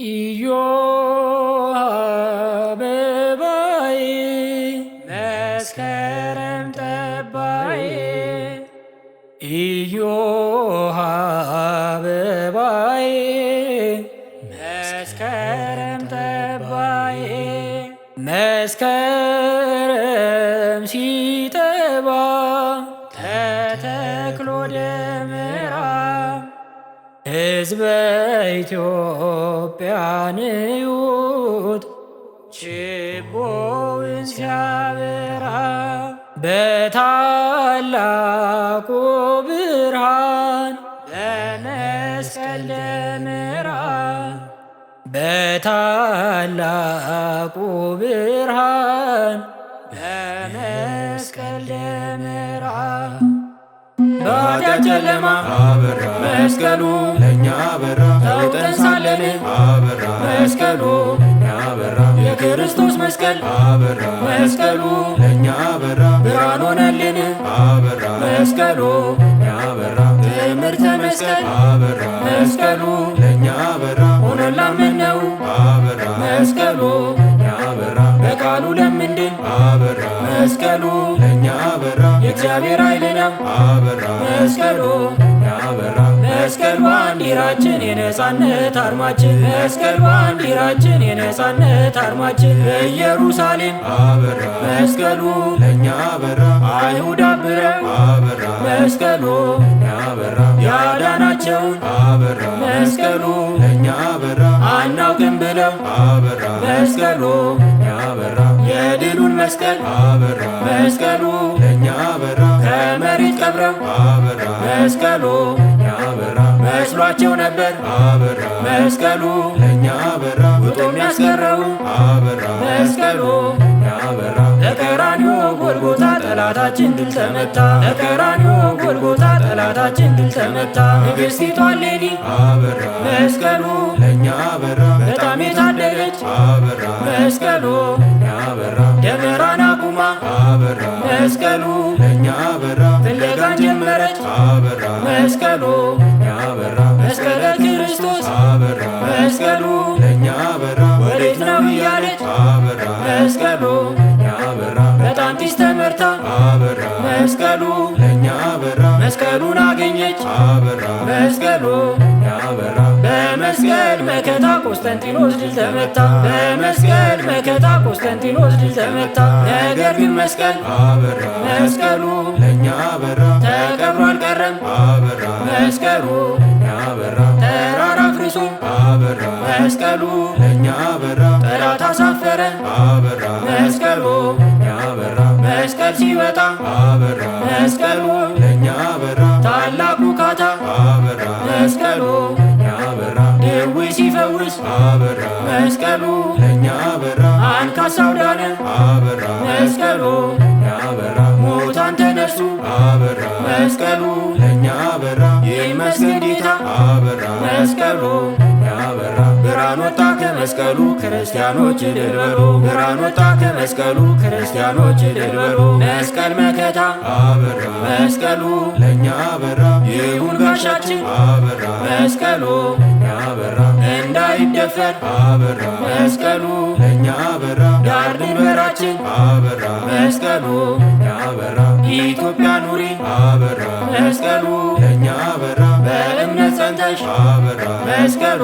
ኢዮብ አበባዬ መስከረም ጠባዬ ኢዮብ አበባዬ መስከረም ጠባዬ መስከረም ሲጠባ ተተክሎ ሕዝበ ኢትዮጵያን እዩት ችቦውን ሲያበራ በታላቁ ብርሃን በመስቀል ደመራ በታላቁ ብርሃን ጨለማ አበራ መስቀሉ ለእኛ አበራ ተውጠን ሳለን አበራ መስቀሉ ለእኛ አበራ የክርስቶስ መስቀል አበራ መስቀሉ ለእኛ አበራ ብርሃን ሆነልን አበራ መስቀሉ ለእኛ አበራ ትምህርተ መስቀል አበራ መስቀሉ ለእኛ አበራ ሆነን ላመነው አበራ መስቀሉ ለእኛ አበራ በቃሉ ለምንድን አበራ መስቀሉ እግዚአብሔር ኃይል አበራ መስቀሉ ያበራ መስቀል ባንዲራችን የነፃነት አርማችን መስቀል ባንዲራችን የነፃነት አርማችን በኢየሩሳሌም አበራ መስቀሉ ለእኛ አበራ አይሁድ አብረው አበራ መስቀሉ ለእኛ አበራ ያዳናቸውን አበራ መስቀሉ ዋናው ግን ብለው አበራ መስቀሉ ያበራ የድሉን መስቀል አበራ መስቀሉ ለእኛ አበራ ከመሬት ቀብረው አበራ መስቀሉ ያበራ መስሏቸው ነበር አበራ መስቀሉ ለእኛ አበራ ውጡ የሚያስቀረው አበራ መስቀሉ ያበራ ለቀራንዮ ጎልጎታ ጠላታችን ድል ተመታ ለቀራንዮ በኃጢአታችን ድል ተመታ። ንግሥቲቷ እሌኒ አበራ መስቀሉ ለእኛ አበራ። በጣም የታደለች አበራ መስቀሉ ለእኛ አበራ። ደመራን አቁማ አበራ መስቀሉ ለእኛ አበራ። ፍለጋን ጀመረች አበራ መስቀሉ ለእኛ አበራ። መስቀለ ክርስቶስ አበራ መስቀሉ ለእኛ አበራ። ወዴት ነው እያለች አበራ መስቀሉ ለእኛ አበራ። በጣም ጢስ ተመርታ አበራ መስቀሉ መስቀሉን አገኘች አበራ መስቀሉ ያበራ በመስቀል መከታ ቆስጠንጢኖስ ድል ተመታ በመስቀል መከታ ቆስጠንጢኖስ ድል ተመታ። ነገር ግን መስቀል አበራ መስቀሉ ለእኛ አበራ ተቀብሮ አልቀረም አበራ መስቀሉ ለእኛ አበራ ተራራ ፍርሶ አበራ መስቀሉ ለእኛ አበራ ጠላት አሳፈረ አበራ መስቀሉ ለእኛ አበራ መስቀል ሲወጣ አበራ መስቀሉ ለእኛ በራ ታላቁ ካታ አበራ መስቀሉ ለእኛ በራ ደዌ ሲፈውስ አበራ መስቀሉ ለእኛ በራ አንካሳው ዳነ አበራ መስቀሉ ከመስቀሉ ክርስቲያኖች ድል በሉ። ብርሃን ወጣ ከመስቀሉ ክርስቲያኖች ድል መስቀል መከታ አበራ መስቀሉ ለእኛ አበራ ይሁን ጋሻችን አበራ መስቀሉ ለእኛ አበራ እንዳይደፈር አበራ መስቀሉ ለእኛ አበራ ዳር ድንበራችን አበራ መስቀሉ ለእኛ አበራ ኢትዮጵያ ኑሪ አበራ መስቀሉ ለእኛ አበራ በእምነት ጸንተሽ አበራ መስቀሉ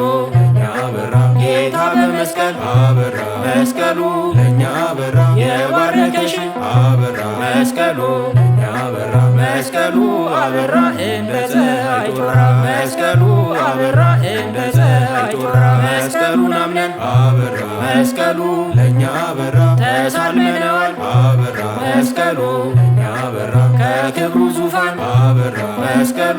መስቀሉ ለእኛ በራ የባረከሽ አበራ መስቀሉ ለእኛ በራ መስቀሉ አበራ እንደ ፀሐይ ጮራ መስቀሉ አበራ እንደ ፀሐይ ጮራ መስቀሉን አምነን አበራ መስቀሉ ለእኛ በራ ተሳልመነዋል አበራ መስቀሉ ለእኛ በራ ከክብሩ ዙፋን አበራ መስቀሉ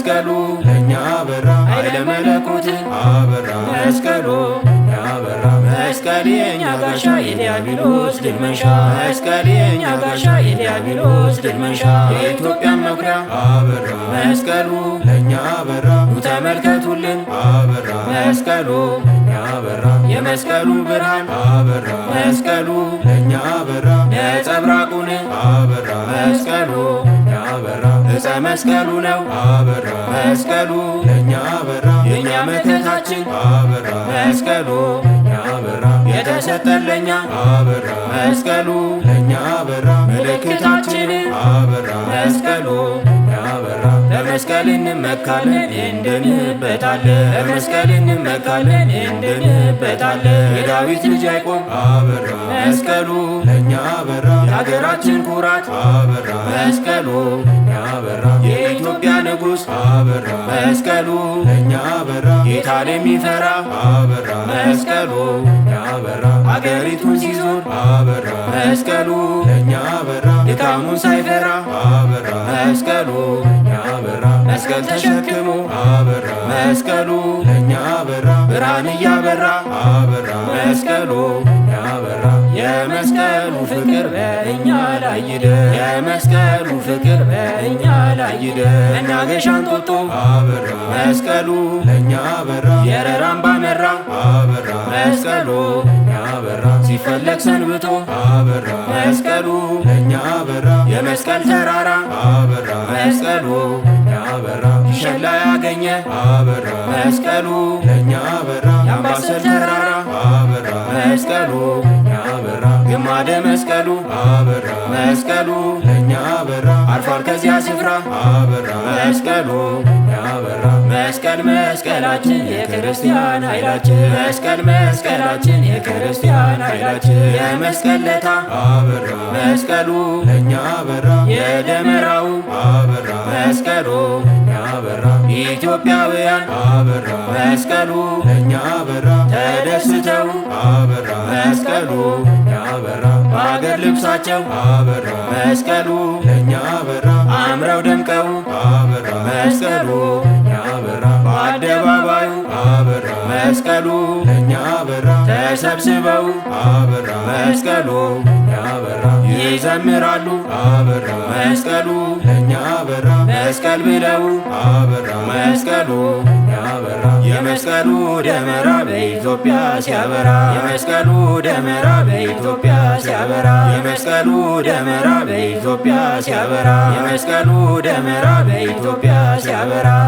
መስቀሉ ለእኛ በራ ኃይለ መለኮት አበራ መስቀሉ ለእኛ በራ መስቀል የእኛ ጋሻ የዲያብሎስ ድል መንሻ መስቀል የእኛ ጋሻ የዲያብሎስ ድል መንሻ የኢትዮጵያን መኩሪያ አበራ መስቀሉ ለእኛ በራ ኑ ተመልከቱልን አበራ መስቀሉ ለእኛ በራ የመስቀሉ ብርሃን አበራ መስቀሉ መስቀሉ ነው አበራ መስቀሉ ለእኛ አበራ የእኛ መተታችን አበራ መስቀሉ ለእኛ አበራ የተሰጠን ለእኛ አበራ መስቀሉ ለእኛ አበራ ምልክታችን አበራ መስቀሉ በመስቀል እንመካለን እንድንበታለን በመስቀል እንመካለን እንድንበታለን የዳዊት ልጅ አይቆም አበራ መስቀሉ ለእኛ የሀገራችን ኩራት አበራ መስቀሉ ለኛ የኢትዮጵያ ንጉሥ አበራ መስቀሉ ለኛ በራ ጌታን የሚፈራ አበራ መስቀሉ ለኛ በራ ሀገሪቱን ሲዞር አበራ መስቀሉ ለኛ በራ ድካሙን ሳይፈራ አበራ መስቀሉ ለኛ መስቀል ተሸክሞ አበራ መስቀሉ ለኛ በራ ብርሃን እያበራ አበራ መስቀሉ ለኛ የመስቀሉ ፍቅር በእኛ ላይ ይደር፣ የመስቀሉ ፍቅር በእኛ ላይ ይደር። አበራ መስቀሉ ለእኛ አበራ፣ የረራ ባመራ አበራ መስቀሉ ለእኛ አበራ፣ ሲፈለግ ሰንብቶ አበራ መስቀሉ ለእኛ አበራ፣ የመስቀል ተራራ አበራ መስቀሉ ለእኛ አበራ፣ ይሸላ ያገኘ አበራ መስቀሉ ለእኛ አበራ፣ የአምባሰል ተራራ አበራ መስቀሉ ባደ መስቀሉ አበራ መስቀሉ ለኛ አበራ አርፏል ከዚያ ስፍራ አበራ መስቀሉ ለኛ አበራ መስቀል መስቀላችን የክርስቲያን ኃይላችን መስቀል መስቀላችን የክርስቲያን ኃይላችን የመስቀል ለታ አበራ መስቀሉ ለእኛ አበራ የደመራው አበራ መስቀሉ ለኛ አበራ ኢትዮጵያውያን አበራ መስቀሉ ልብሳቸው አበራ መስቀሉ ለእኛ አበራ አምረው ደምቀው አበራ መስቀሉ ለእኛ አበራ በአደባባዩ አበራ መስቀሉ ለእኛ አበራ ተሰብስበው አበራ መስቀሉ ለእኛ አበራ ይዘምራሉ አበራ መስቀሉ ለእኛ አበራ መስቀል ብለው አበራ መስቀሉ ለእኛ አበራ የመስቀሉ ደመራ በኢትዮጵያ ሲያበራ የመስቀሉ ደመራ በኢትዮጵያ ሲያበራ የመስቀሉ ደመራ በኢትዮጵያ ሲያበራ የመስቀሉ ደመራ በኢትዮጵያ ሲያበራ